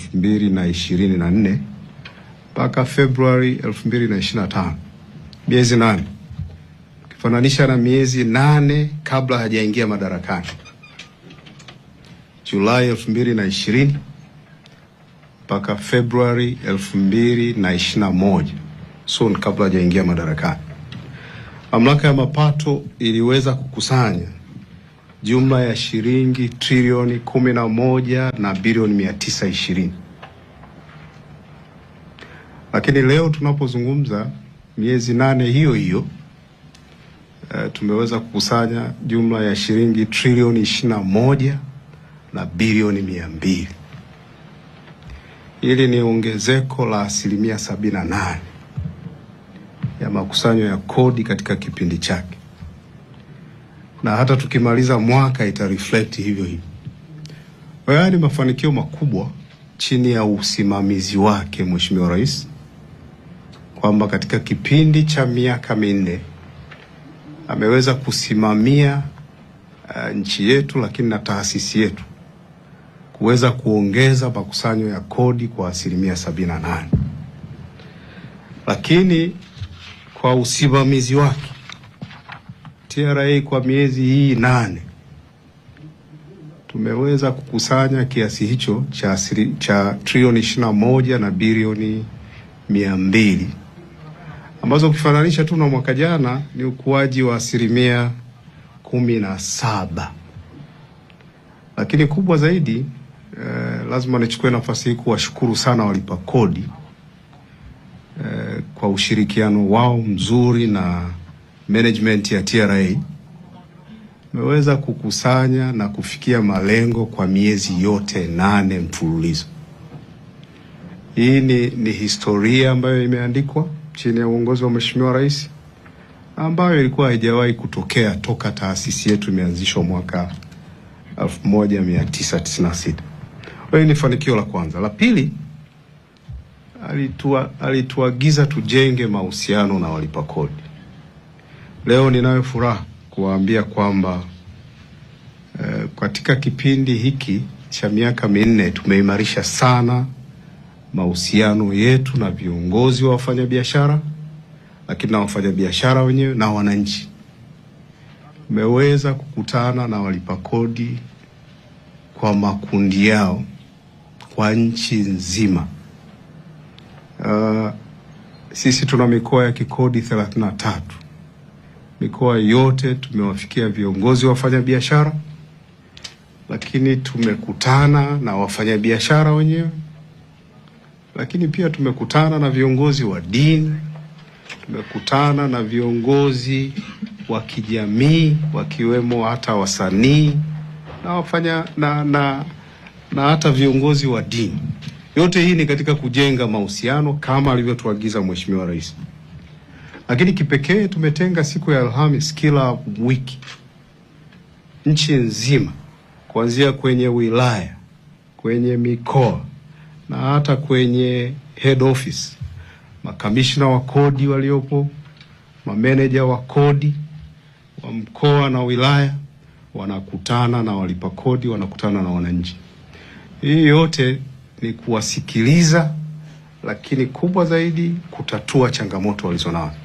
elfu mbili na ishirini na nne mpaka Februari elfu mbili na ishirini na tano miezi nane, ukifananisha na miezi nane kabla hajaingia madarakani, Julai elfu mbili na ishirini mpaka Februari elfu mbili na ishirini na moja soon kabla hajaingia madarakani, mamlaka ya mapato iliweza kukusanya jumla ya shilingi trilioni kumi na moja na bilioni mia tisa ishirini. Lakini leo tunapozungumza, miezi nane hiyo hiyo uh, tumeweza kukusanya jumla ya shilingi trilioni ishirini na moja na bilioni mia mbili. Hili ni ongezeko la asilimia sabini na nane ya makusanyo ya kodi katika kipindi chake na hata tukimaliza mwaka ita reflect hivyo hivyo. hiyo ni mafanikio makubwa chini ya usimamizi wake Mheshimiwa Rais, kwamba katika kipindi cha miaka minne ameweza kusimamia uh, nchi yetu lakini na taasisi yetu kuweza kuongeza makusanyo ya kodi kwa asilimia sabini na nane, lakini kwa usimamizi wake TRA kwa miezi hii nane tumeweza kukusanya kiasi hicho cha, cha trilioni ishirini na moja na bilioni mia mbili ambazo ukifananisha tu na mwaka jana ni ukuaji wa asilimia kumi na saba. Lakini kubwa zaidi eh, lazima nichukue nafasi hii kuwashukuru sana walipa kodi eh, kwa ushirikiano wao mzuri na management ya TRA imeweza kukusanya na kufikia malengo kwa miezi yote nane mfululizo. Hii ni, ni historia ambayo imeandikwa chini ya uongozi wa Mheshimiwa Rais ambayo ilikuwa haijawahi kutokea toka taasisi yetu imeanzishwa mwaka 1996. Hii ni fanikio la kwanza. La pili, alitua, alituagiza tujenge mahusiano na walipa kodi. Leo ninayo furaha kuwaambia kwamba eh, katika kipindi hiki cha miaka minne tumeimarisha sana mahusiano yetu na viongozi wa wafanyabiashara, lakini na wafanyabiashara wenyewe na wananchi. Tumeweza kukutana na walipa kodi kwa makundi yao kwa nchi nzima. Uh, sisi tuna mikoa ya kikodi 33 mikoa yote tumewafikia viongozi wa wafanyabiashara, lakini tumekutana na wafanyabiashara wenyewe, lakini pia tumekutana na viongozi wa dini, tumekutana na viongozi wa kijamii wakiwemo hata wasanii na wafanya na, na, na hata viongozi wa dini. Yote hii ni katika kujenga mahusiano kama alivyotuagiza Mheshimiwa Rais. Lakini kipekee tumetenga siku ya Alhamis kila wiki nchi nzima, kuanzia kwenye wilaya, kwenye mikoa na hata kwenye head office, makamishna wa kodi waliopo, mameneja wa kodi wa mkoa na wilaya wanakutana na walipa kodi, wanakutana na wananchi. Hii yote ni kuwasikiliza, lakini kubwa zaidi kutatua changamoto walizonazo.